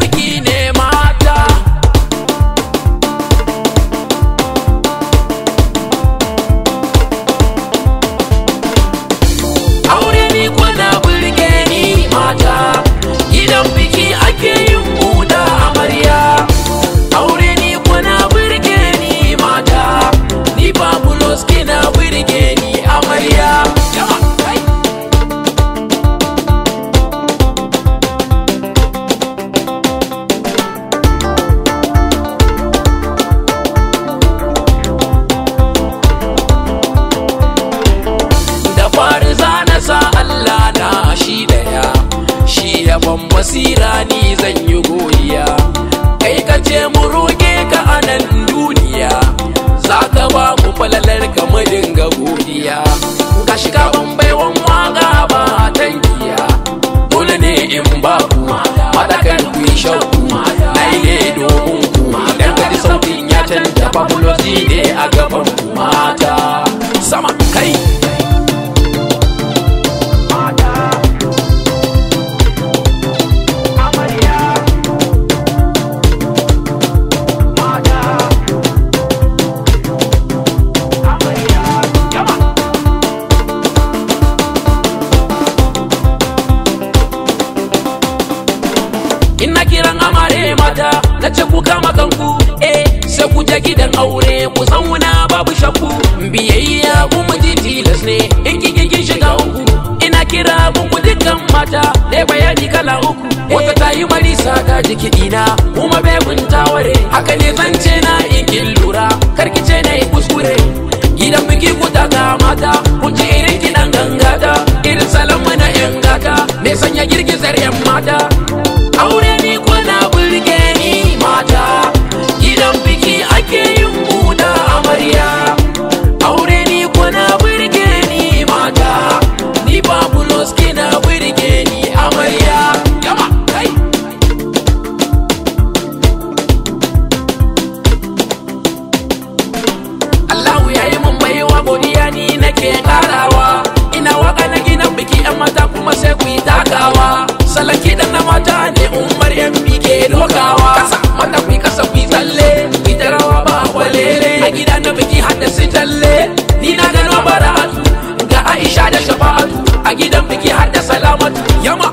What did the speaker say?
biki ne ma that he's a. ina kiran amare mata na ce ku kama kanku eh sai ku je gidan aure ku zauna babu shakku biyayya kuma ji tilas ne in kin shiga uku ina kira ku dukkan mata da bayani kala uku wata ta yi marisa ta jiki dina kuma bai kunta ware haka ne zance na in kin lura karkice na yi kuskure gidan miki ku ta mata kun ji irin kidan gangata irin salon na yan gata ne sanya girgizar yan mata salon kiɗan na mata ne umar yan ke dokawa kasa mata ku kasa ku tsalle ku rawa ba kwalele a gida na biki har da su talle ni na gano bara'atu ga aisha da shafa'atu a gidan biki har da salamatu yama